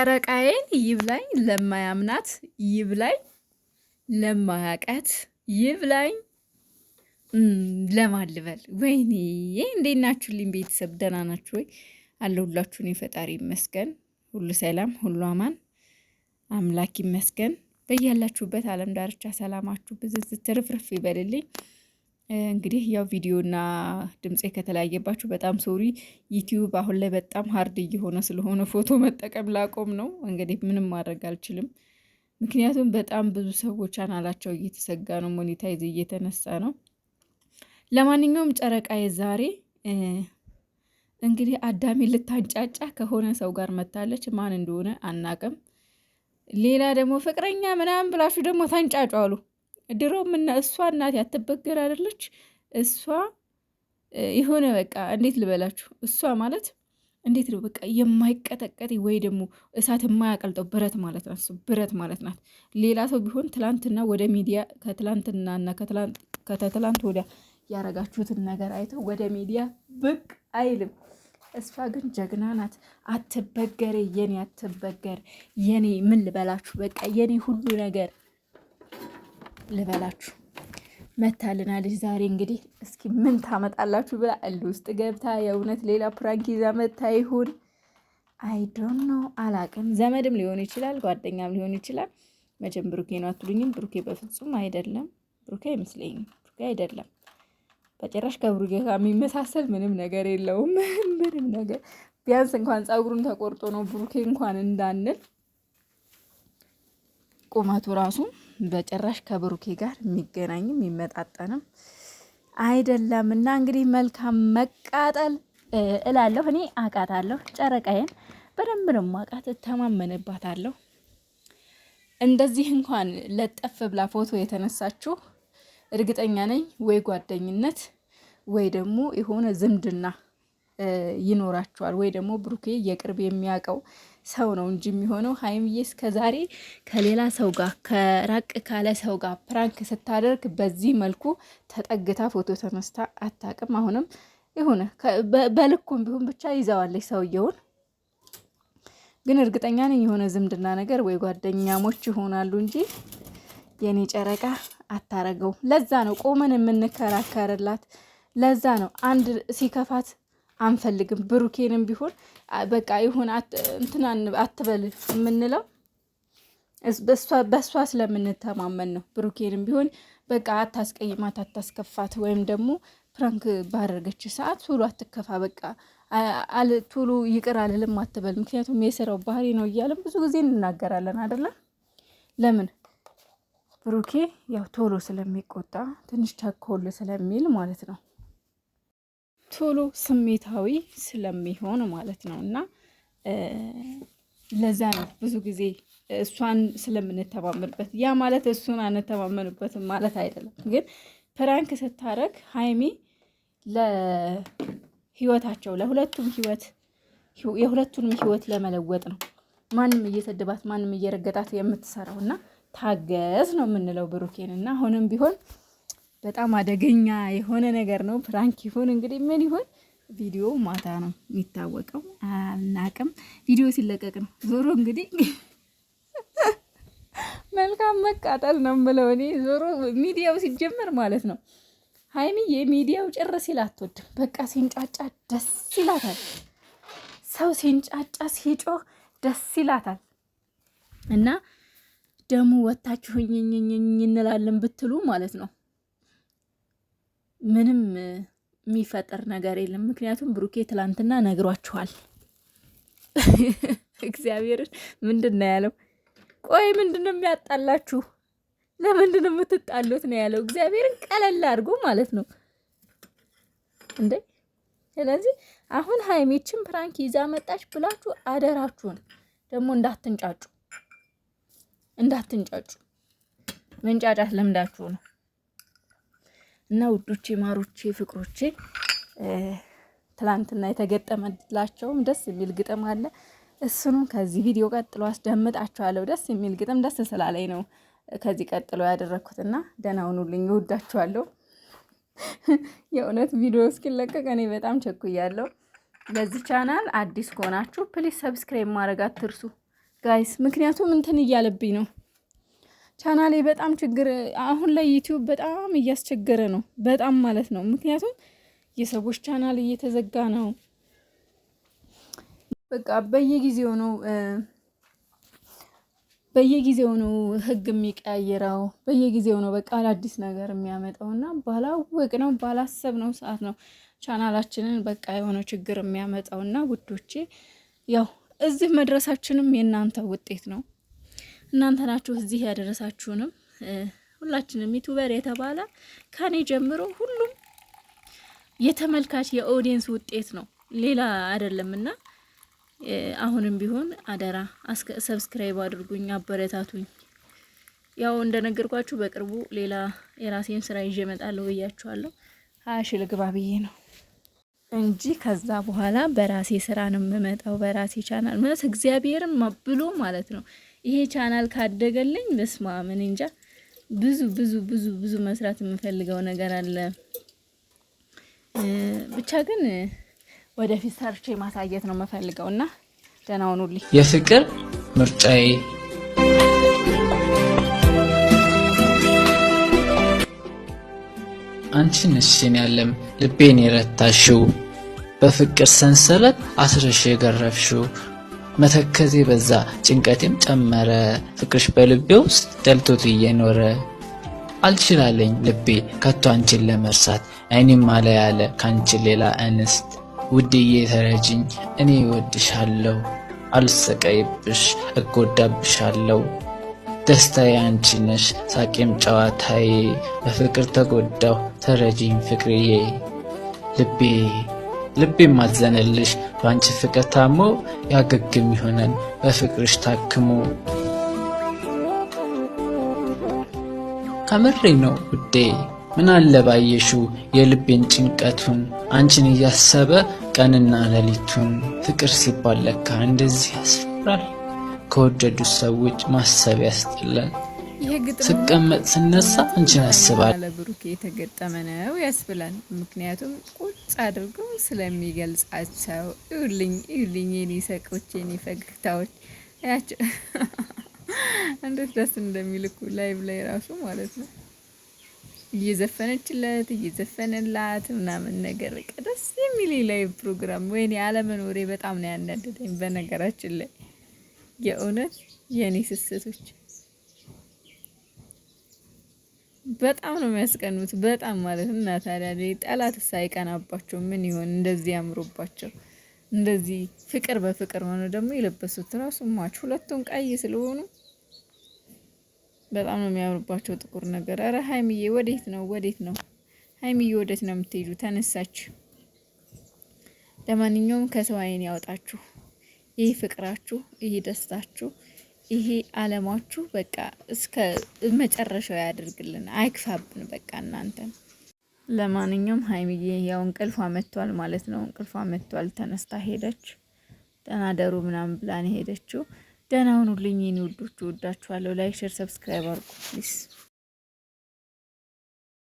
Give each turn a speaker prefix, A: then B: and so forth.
A: ጨረቃዬን ይብላኝ ለማያምናት ይብላኝ ለማያቀት ይብላኝ ለማልበል ልበል? ወይኔ እንዴት ናችሁልኝ ቤተሰብ? ደህና ናችሁ ወይ? አለሁላችሁን የፈጣሪ ይመስገን፣ ሁሉ ሰላም፣ ሁሉ አማን፣ አምላክ ይመስገን። በያላችሁበት ዓለም ዳርቻ ሰላማችሁ ብዝዝ ትርፍርፍ ይበልልኝ። እንግዲህ ያው ቪዲዮና ድምፄ ከተለያየባችሁ በጣም ሶሪ። ዩቲዩብ አሁን ላይ በጣም ሀርድ እየሆነ ስለሆነ ፎቶ መጠቀም ላቆም ነው። እንግዲህ ምንም ማድረግ አልችልም። ምክንያቱም በጣም ብዙ ሰዎች አናላቸው እየተሰጋ ነው፣ ሞኔታይዝ እየተነሳ ነው። ለማንኛውም ጨረቃዬ ዛሬ እንግዲህ አዳሜ ልታንጫጫ ከሆነ ሰው ጋር መታለች። ማን እንደሆነ አናቅም። ሌላ ደግሞ ፍቅረኛ ምናምን ብላችሁ ደግሞ አሉ። ድሮም እና እሷ እናት አትበገር አይደለች እሷ የሆነ በቃ እንዴት ልበላችሁ እሷ ማለት እንዴት ነው በቃ የማይቀጠቀጥ ወይ ደግሞ እሳት የማያቀልጠው ብረት ማለት ናት። ብረት ማለት ናት። ሌላ ሰው ቢሆን ትላንትና ወደ ሚዲያ ከትላንትና ከትላንትናና ከተትላንት ወዲያ ያረጋችሁትን ነገር አይተው ወደ ሚዲያ ብቅ አይልም። እሷ ግን ጀግና ናት። አትበገሬ የኔ አትበገር የኔ ምን ልበላችሁ በቃ የኔ ሁሉ ነገር ልበላችሁ መታልናለች። ዛሬ እንግዲህ እስኪ ምን ታመጣላችሁ ብላ እል ውስጥ ገብታ የእውነት ሌላ ፕራንክ ይዛ መታ ይሁን አይዶን ነው አላቅም። ዘመድም ሊሆን ይችላል፣ ጓደኛም ሊሆን ይችላል። መቼም ብሩኬ ነው አትሉኝም? ብሩኬ በፍጹም አይደለም። ብሩኬ አይመስለኝም። ብሩኬ አይደለም በጭራሽ። ከብሩኬ ጋር የሚመሳሰል ምንም ነገር የለውም። ምንም ነገር ቢያንስ እንኳን ፀጉሩን ተቆርጦ ነው ብሩኬ እንኳን እንዳንል ቁመቱ ራሱ በጭራሽ ከብሩኬ ጋር የሚገናኝም የሚመጣጠንም አይደለም። እና እንግዲህ መልካም መቃጠል እላለሁ። እኔ አቃታለሁ። ጨረቃዬን በደንብ ነው የማውቃት፣ እተማመንባታለሁ። እንደዚህ እንኳን ለጠፍ ብላ ፎቶ የተነሳችሁ እርግጠኛ ነኝ ወይ ጓደኝነት ወይ ደግሞ የሆነ ዝምድና ይኖራችኋል ወይ ደግሞ ብሩኬ የቅርብ የሚያውቀው ሰው ነው እንጂ የሚሆነው። ሀይምዬ እስከ ዛሬ ከሌላ ሰው ጋር ከራቅ ካለ ሰው ጋር ፕራንክ ስታደርግ በዚህ መልኩ ተጠግታ ፎቶ ተነስታ አታውቅም። አሁንም ይሁን በልኩም ቢሆን ብቻ ይዘዋለች ሰውየውን። ግን እርግጠኛ ነኝ የሆነ ዝምድና ነገር ወይ ጓደኛሞች ይሆናሉ እንጂ የኔ ጨረቃ አታረገው። ለዛ ነው ቆመን የምንከራከርላት። ለዛ ነው አንድ ሲከፋት አንፈልግም። ብሩኬንም ቢሆን በቃ ይሁን እንትናን አትበል የምንለው በእሷ ስለምንተማመን ነው። ብሩኬንም ቢሆን በቃ አታስቀይማት፣ አታስከፋት ወይም ደግሞ ፕራንክ ባደረገች ሰዓት ቶሎ አትከፋ፣ በቃ ቶሎ ይቅር አልልም አትበል። ምክንያቱም የስራው ባህሪ ነው እያለም ብዙ ጊዜ እንናገራለን አይደለም? ለምን ብሩኬ ያው ቶሎ ስለሚቆጣ ትንሽ ቸኮል ስለሚል ማለት ነው። ቶሎ ስሜታዊ ስለሚሆን ማለት ነው። እና ለዛ ነው ብዙ ጊዜ እሷን ስለምንተማመንበት። ያ ማለት እሱን አንተማመንበትም ማለት አይደለም፣ ግን ፕራንክ ስታረግ ሀይሚ ለህይወታቸው ለሁለቱም ህይወት የሁለቱንም ህይወት ለመለወጥ ነው። ማንም እየሰደባት ማንም እየረገጣት የምትሰራው እና ታገዝ ነው የምንለው ብሩኬን እና አሁንም ቢሆን በጣም አደገኛ የሆነ ነገር ነው። ፕራንክ ይሁን እንግዲህ ምን ይሁን ቪዲዮ ማታ ነው የሚታወቀው፣ አናቅም። ቪዲዮ ሲለቀቅ ነው። ዞሮ እንግዲህ መልካም መቃጠል ነው የምለው እኔ። ዞሮ ሚዲያው ሲጀመር ማለት ነው ሀይሚ የሚዲያው ጭር ሲል አትወድም። በቃ ሲንጫጫ ደስ ይላታል። ሰው ሲንጫጫ ሲጮህ ደስ ይላታል እና ደሙ ወታችሁ እንላለን ብትሉ ማለት ነው ምንም የሚፈጠር ነገር የለም። ምክንያቱም ብሩኬ ትላንትና ነግሯችኋል። እግዚአብሔርን ምንድን ነው ያለው? ቆይ ምንድን ነው የሚያጣላችሁ? ለምንድን ነው የምትጣሉት ነው ያለው። እግዚአብሔርን ቀለል አድርጎ ማለት ነው እንዴ። ስለዚህ አሁን ሀይሜችን ፕራንክ ይዛ መጣች ብላችሁ አደራችሁን ደግሞ እንዳትንጫጩ እንዳትንጫጩ። መንጫጫት ለምዳችሁ ነው እና ውዶቼ፣ ማሮቼ፣ ፍቅሮቼ ትላንትና የተገጠመላቸውም ደስ የሚል ግጥም አለ። እሱንም ከዚህ ቪዲዮ ቀጥሎ አስደምጣችኋለሁ። ደስ የሚል ግጥም ደስ ስላለኝ ነው ከዚህ ቀጥሎ ያደረግኩትና ደህና ሁኑልኝ። እወዳችኋለሁ። የእውነት ቪዲዮ እስኪለቀቅ እኔ በጣም ቸኩያለሁ። በዚህ ቻናል አዲስ ከሆናችሁ ፕሊስ ሰብስክራይብ ማድረግ አትርሱ ጋይስ፣ ምክንያቱም እንትን እያለብኝ ነው ቻናሌ በጣም ችግር አሁን ላይ ዩቲዩብ በጣም እያስቸገረ ነው። በጣም ማለት ነው። ምክንያቱም የሰዎች ቻናል እየተዘጋ ነው። በቃ በየጊዜው ነው በየጊዜው ነው ህግ የሚቀያየረው በየጊዜው ነው በቃ አዳዲስ ነገር የሚያመጣው እና ባላወቅ ነው ባላሰብ ነው ሰዓት ነው ቻናላችንን በቃ የሆነ ችግር የሚያመጣው እና ውዶቼ ያው እዚህ መድረሳችንም የእናንተ ውጤት ነው። እናንተ ናችሁ እዚህ ያደረሳችሁንም ሁላችንም ዩቱበር የተባለ ከኔ ጀምሮ ሁሉም የተመልካች የኦዲየንስ ውጤት ነው፣ ሌላ አይደለምና አሁንም ቢሆን አደራ ሰብስክራይብ አድርጉኝ፣ አበረታቱኝ። ያው እንደነገርኳችሁ በቅርቡ ሌላ የራሴን ስራ ይዤ እመጣለሁ ብያችኋለሁ። ሀያ ሺህ ልግባ ብዬ ነው እንጂ ከዛ በኋላ በራሴ ስራ ነው የምመጣው፣ በራሴ ቻናል ማለት እግዚአብሔርም ብሎ ማለት ነው ይሄ ቻናል ካደገልኝ በስማ ምን እንጃ ብዙ ብዙ ብዙ ብዙ መስራት የምፈልገው ነገር አለ። ብቻ ግን ወደፊት ሰርቼ ማሳየት ነው የምፈልገው እና ደህና ሁኑልኝ።
B: የፍቅር ምርጫዬ አንቺን እሽን ያለም ልቤን የረታሽው በፍቅር ሰንሰለት አስረሽ የገረፍሽው መተከዜ በዛ፣ ጭንቀቴም ጨመረ። ፍቅርሽ በልቤ ውስጥ ደልቶት እየኖረ አልችላለኝ ልቤ ከቶ አንቺን ለመርሳት አይኔም አለ ያለ ካንቺን ሌላ እንስት ውድዬ ተረጅኝ እኔ እወድሻለሁ አልሰቀይብሽ እጎዳብሻለሁ ደስታዬ አንቺ ነሽ ሳቄም ጨዋታዬ በፍቅር ተጎዳሁ ተረጅኝ ፍቅርዬ ልቤ ልቤም ማዘነልሽ በአንቺ ፍቅር ታሞ ያገግም ይሆነን በፍቅርሽ ታክሞ። ከምሬ ነው ውዴ ምን አለባየሹ የልቤን ጭንቀቱን አንቺን እያሰበ ቀንና ሌሊቱን። ፍቅር ሲባል ለካ እንደዚህ ያስፈራል፣ ከወደዱ ሰዎች ማሰብ ያስጥላል። ስቀመጥ ስነሳ አንቺን አስባል
A: ብሩክ የተገጠመ ነው ያስብላል። ምክንያቱም አድርጎ ስለሚገልጻቸው እዩልኝ፣ እዩልኝ የኔ ሰቆች፣ የኔ ፈገግታዎች ያቸው እንዴት ደስ እንደሚልኩ ላይቭ ላይ ራሱ ማለት ነው እየዘፈነችለት እየዘፈነላት ምናምን ነገር በቃ ደስ የሚል ላይቭ ፕሮግራም። ወይኔ አለመኖሬ በጣም ነው ያናደደኝ። በነገራችን ላይ የእውነት የኔ ስስቶች በጣም ነው የሚያስቀኑት። በጣም ማለት እና ታዲያ ጠላት ሳይቀናባቸው ምን ይሆን እንደዚህ ያምሩባቸው። እንደዚህ ፍቅር በፍቅር ሆነ ደግሞ የለበሱት ራሱ ማች ሁለቱም ቀይ ስለሆኑ በጣም ነው የሚያምሩባቸው። ጥቁር ነገር። አረ ሀይሚዬ ወዴት ነው ወዴት ነው ሀይሚዬ ወዴት ነው የምትሄዱ? ተነሳች። ለማንኛውም ከሰው አይን ያወጣችሁ። ይህ ፍቅራችሁ፣ ይህ ደስታችሁ ይሄ አለማችሁ በቃ እስከ መጨረሻው ያደርግልን፣ አይክፋብን። በቃ እናንተ ለማንኛውም ሀይሚዬ ያው እንቅልፏ መጥቷል ማለት ነው። እንቅልፏ መጥቷል። ተነስታ ሄደች። ደህና ደሩ ምናምን ብላን ሄደችው። ደህና ሁኑልኝ የኔ ውዶች፣ ወዳችኋለሁ። ላይክ፣ ሼር፣ ሰብስክራይብ አርጉ ፕሊስ።